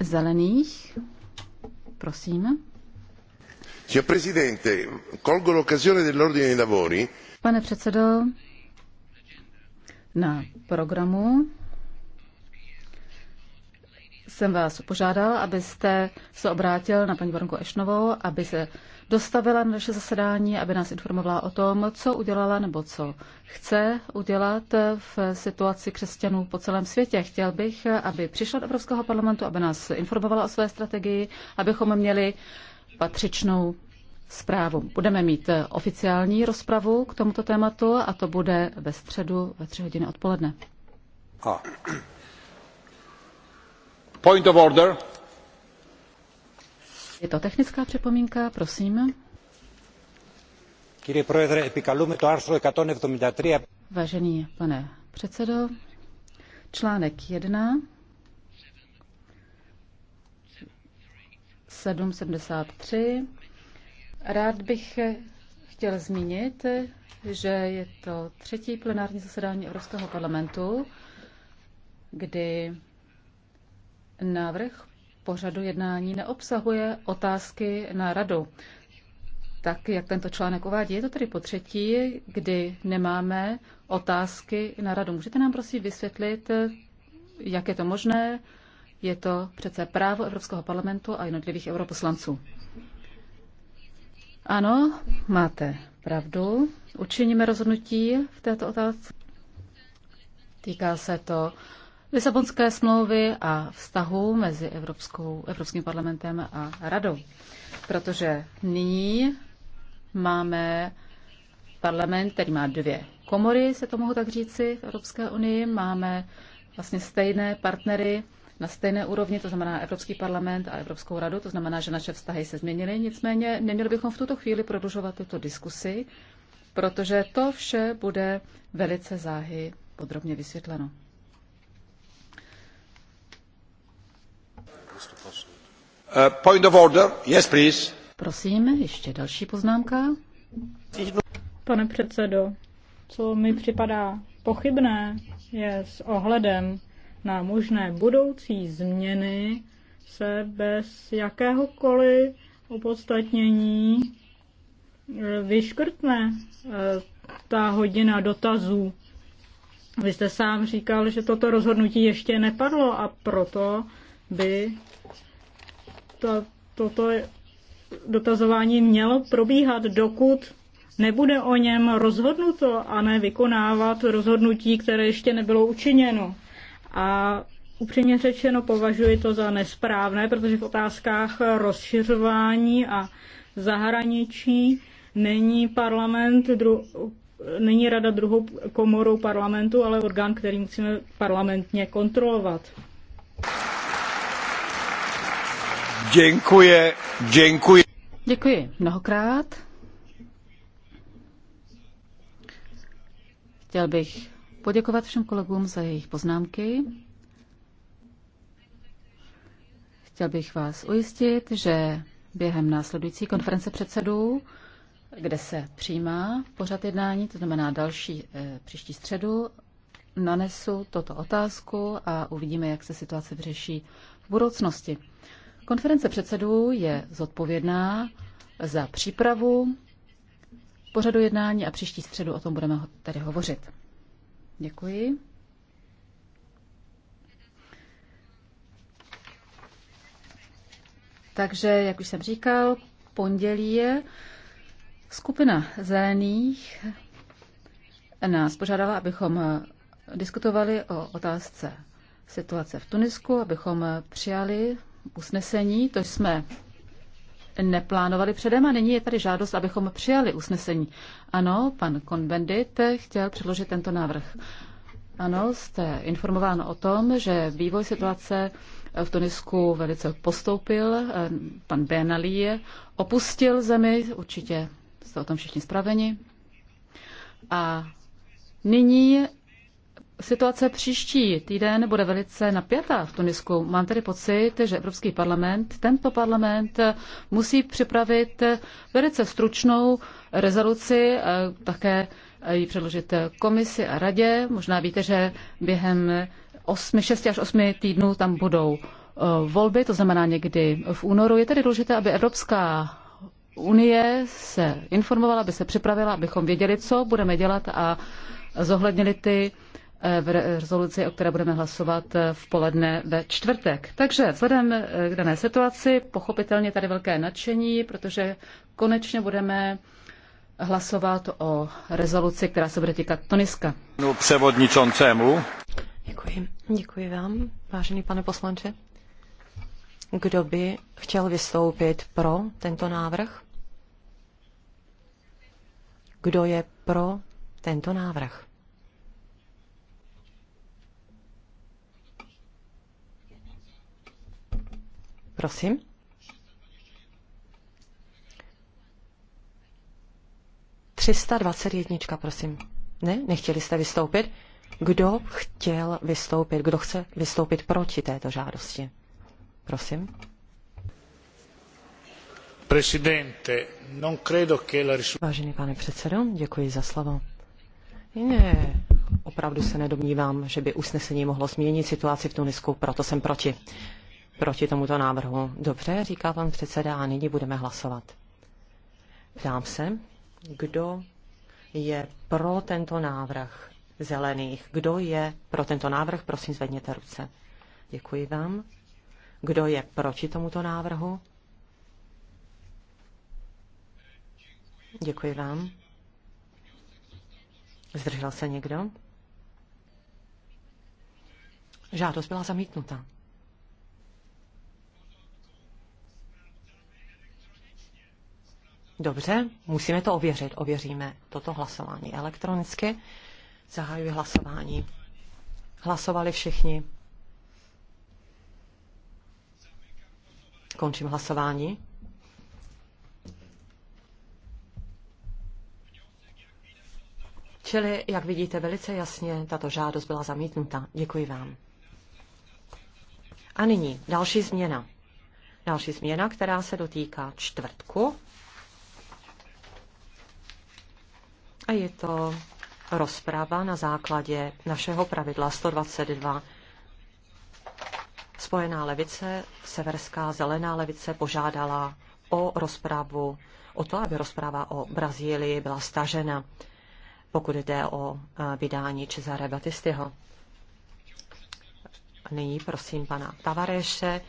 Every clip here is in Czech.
zelených. Prosím. Signor Presidente, colgo l'occasione dell'ordine dei lavori. Pane předsedo, na programu jsem vás požádal, abyste se obrátil na paní baronku Ešnovou, aby se dostavila na naše zasedání, aby nás informovala o tom, co udělala nebo co chce udělat v situaci křesťanů po celém světě. Chtěl bych, aby přišla do Evropského parlamentu, aby nás informovala o své strategii, abychom měli patřičnou zprávu. Budeme mít oficiální rozpravu k tomuto tématu a to bude ve středu ve tři hodiny odpoledne. A. Ah. Point of order. Je to technická připomínka, prosím. Vážený pane předsedo, článek 1, 773. Rád bych chtěl zmínit, že je to třetí plenární zasedání Evropského parlamentu, kdy návrh pořadu jednání neobsahuje otázky na radu. Tak, jak tento článek uvádí, je to tedy po třetí, kdy nemáme otázky na radu. Můžete nám prosím vysvětlit, jak je to možné? Je to přece právo Evropského parlamentu a jednotlivých europoslanců. Ano, máte pravdu. Učiníme rozhodnutí v této otázce. Týká se to Lisabonské smlouvy a vztahu mezi Evropskou, Evropským parlamentem a radou. Protože nyní máme parlament, který má dvě komory, se to mohu tak říci, v Evropské unii. Máme vlastně stejné partnery na stejné úrovni, to znamená Evropský parlament a Evropskou radu, to znamená, že naše vztahy se změnily. Nicméně neměli bychom v tuto chvíli prodlužovat tuto diskusi, protože to vše bude velice záhy podrobně vysvětleno. Uh, point of order. Yes, please. Prosím, ještě další poznámka. Pane předsedo, co mi připadá pochybné, je s ohledem na možné budoucí změny se bez jakéhokoliv opodstatnění eh, vyškrtne eh, ta hodina dotazů. Vy jste sám říkal, že toto rozhodnutí ještě nepadlo a proto by ta, toto dotazování mělo probíhat, dokud nebude o něm rozhodnuto a ne vykonávat rozhodnutí, které ještě nebylo učiněno. A upřímně řečeno považuji to za nesprávné, protože v otázkách rozšiřování a zahraničí není parlament dru- není rada druhou komorou parlamentu, ale orgán, který musíme parlamentně kontrolovat. Děkuji, děkuji. Děkuji mnohokrát. Chtěl bych poděkovat všem kolegům za jejich poznámky. Chtěl bych vás ujistit, že během následující konference předsedů, kde se přijímá pořad jednání, to znamená další eh, příští středu, nanesu toto otázku a uvidíme, jak se situace vyřeší v budoucnosti. Konference předsedů je zodpovědná za přípravu pořadu jednání a příští středu o tom budeme tady hovořit. Děkuji. Takže, jak už jsem říkal, pondělí je skupina zelených nás požádala, abychom diskutovali o otázce situace v Tunisku, abychom přijali usnesení, to jsme neplánovali předem a nyní je tady žádost, abychom přijali usnesení. Ano, pan Konbendit chtěl předložit tento návrh. Ano, jste informován o tom, že vývoj situace v Tunisku velice postoupil. Pan Benali opustil zemi, určitě jste o tom všichni spraveni. A nyní Situace příští týden bude velice napjatá v Tunisku. Mám tedy pocit, že Evropský parlament, tento parlament musí připravit velice stručnou rezoluci, eh, také eh, ji předložit komisi a radě. Možná víte, že během 8, 6 až 8 týdnů tam budou eh, volby, to znamená někdy v únoru. Je tedy důležité, aby Evropská unie se informovala, aby se připravila, abychom věděli, co budeme dělat a zohlednili ty Eh, v rezoluci, o které budeme hlasovat eh, v poledne ve čtvrtek. Takže vzhledem eh, k dané situaci, pochopitelně tady velké nadšení, protože konečně budeme hlasovat o rezoluci, která se bude týkat převodní čoncemu. Děkuji. Děkuji vám, vážený pane poslanče. Kdo by chtěl vystoupit pro tento návrh? Kdo je pro tento návrh? Prosím. Třista dvacet jednička, prosím. Ne, nechtěli jste vystoupit? Kdo chtěl vystoupit? Kdo chce vystoupit proti této žádosti? Prosím. Presidente, non credo che la... Vážený pane předsedo, děkuji za slovo. Ne, opravdu se nedomnívám, že by usnesení mohlo změnit situaci v Tunisku, proto jsem proti proti tomuto návrhu. Dobře, říká pan předseda a nyní budeme hlasovat. Ptám se, kdo je pro tento návrh zelených? Kdo je pro tento návrh? Prosím, zvedněte ruce. Děkuji vám. Kdo je proti tomuto návrhu? Děkuji vám. Zdržel se někdo? Žádost byla zamítnuta. Dobře, musíme to ověřit. Ověříme toto hlasování elektronicky. Zahajuji hlasování. Hlasovali všichni. Končím hlasování. Čili, jak vidíte velice jasně, tato žádost byla zamítnuta. Děkuji vám. A nyní další změna. Další změna, která se dotýká čtvrtku a je to rozprava na základě našeho pravidla 122. Spojená levice, severská zelená levice požádala o rozpravu, o to, aby rozprava o Brazílii byla stažena, pokud jde o e, vydání Cezare Batistyho. Nyní prosím pana Tavareše,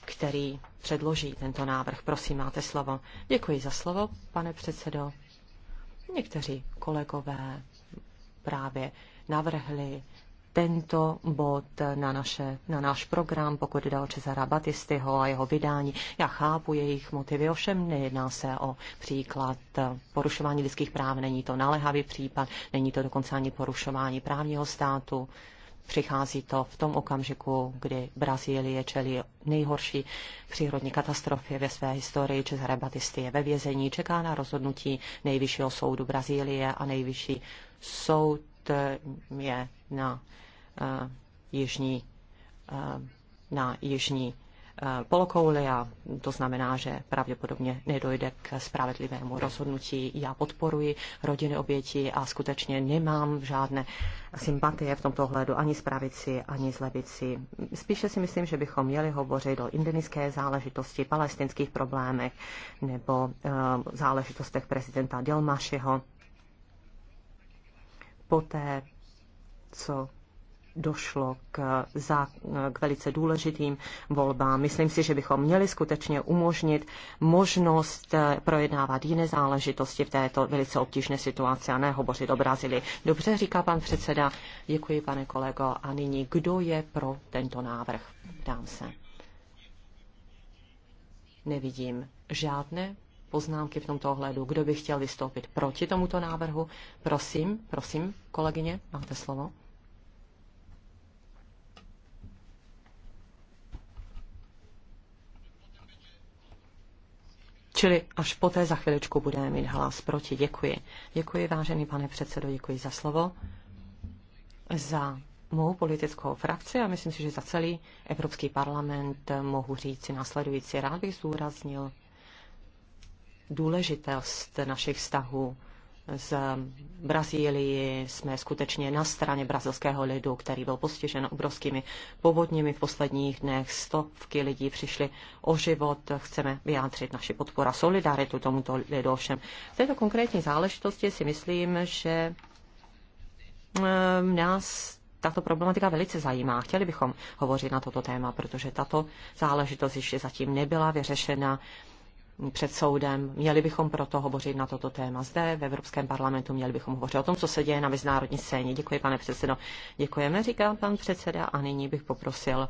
který předloží tento návrh. Prosím, máte slovo. Děkuji za slovo, pane předsedo. Někteří kolegové právě navrhli tento bod na, naše, na náš program, pokud jde o Cezara Batistyho a jeho vydání. Já chápu jejich motivy, ovšem nejedná se o příklad porušování lidských práv, není to naléhavý případ, není to dokonce ani porušování právního státu. Přichází to v tom okamžiku, kdy Brazílie čelí nejhorší přírodní katastrofě ve své historii. Cesare Batisty je ve vězení, čeká na rozhodnutí nejvyššího soudu Brazílie a nejvyšší soud eh, je na uh, jižní uh, na jižní Eh, polokouli a to znamená, že pravděpodobně nedojde k spravedlivému rozhodnutí. Já podporuji rodiny obětí a skutečně nemám žádné sympatie v tomto ohledu ani z pravici, ani z levici. Spíše si myslím, že bychom měli hovořit o indoniské záležitosti, palestinských problémech nebo uh, záležitostech prezidenta Dilmašiho. Poté, co došlo k, za, k velice důležitým volbám. Myslím si, že bychom měli skutečně umožnit možnost eh, projednávat jiné záležitosti v této velice obtížné situaci a ne hovořit o Brazílii. Dobře, říká pan předseda. Děkuji, pane kolego. A nyní, kdo je pro tento návrh? Dám se. Nevidím žádné poznámky v tomto ohledu. Kdo by chtěl vystoupit proti tomuto návrhu? Prosím, prosím, kolegyně, máte slovo. čili až poté za chviličku budeme mít hlas proti. Děkuji. Děkuji, vážený pane předsedo, děkuji za slovo, za mou politickou frakci a myslím si, že za celý Evropský parlament mohu říci následující. Rád bych zdůraznil důležitost našich vztahů z Brazílii jsme skutečně na straně brazilského lidu, který byl postižen obrovskými povodněmi v posledních dnech. Stovky lidí přišly o život. Chceme vyjádřit naši podpora solidaritu tomuto lidu ovšem. V této konkrétní záležitosti si myslím, že ehm, nás tato problematika velice zajímá. Chtěli bychom hovořit na toto téma, protože tato záležitost ještě zatím nebyla vyřešena před soudem. Měli bychom proto hovořit na toto téma zde, v Evropském parlamentu, měli bychom hovořit o tom, co se děje na mezinárodní scéně. Děkuji, pane předsedo. Děkujeme, říká pan předseda a nyní bych poprosil,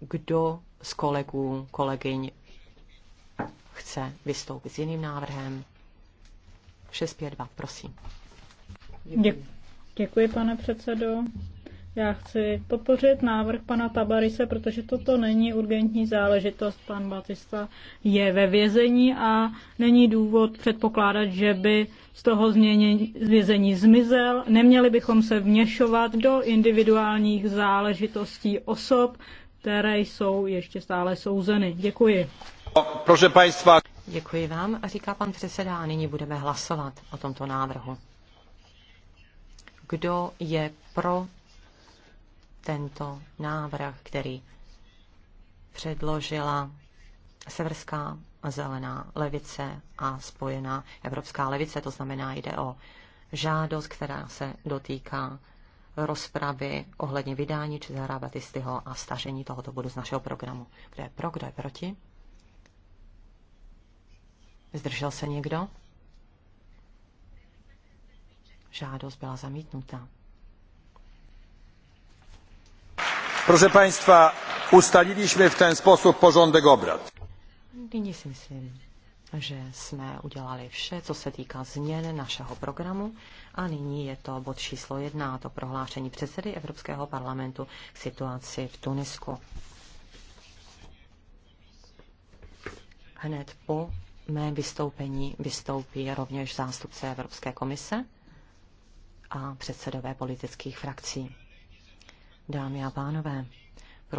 kdo z kolegů, kolegyň chce vystoupit s jiným návrhem. 652, prosím. Děkuji. Děkuji, pane předsedo. Já chci podpořit návrh pana Tabarise, protože toto není urgentní záležitost. Pan Batista je ve vězení a není důvod předpokládat, že by z toho změnění, z vězení zmizel. Neměli bychom se vměšovat do individuálních záležitostí osob, které jsou ještě stále souzeny. Děkuji. Prože państwa. Děkuji vám, a říká pan předseda, a nyní budeme hlasovat o tomto návrhu. Kdo je pro tento návrh, který předložila Severská zelená levice a spojená Evropská levice. To znamená, jde o žádost, která se dotýká rozpravy ohledně vydání či zahrávatistyho a stažení tohoto bodu z našeho programu. Kdo je pro, kdo je proti? Zdržel se někdo? Žádost byla zamítnuta. Proszę Państwa, ustaliliśmy w ten sposób porządek obrad. Nyní si myslím, že jsme udělali vše, co se týká změn našeho programu a nyní je to bod číslo jedna, a to prohlášení předsedy Evropského parlamentu k situaci v Tunisku. Hned po mém vystoupení vystoupí rovněž zástupce Evropské komise a předsedové politických frakcí dámy a pánové.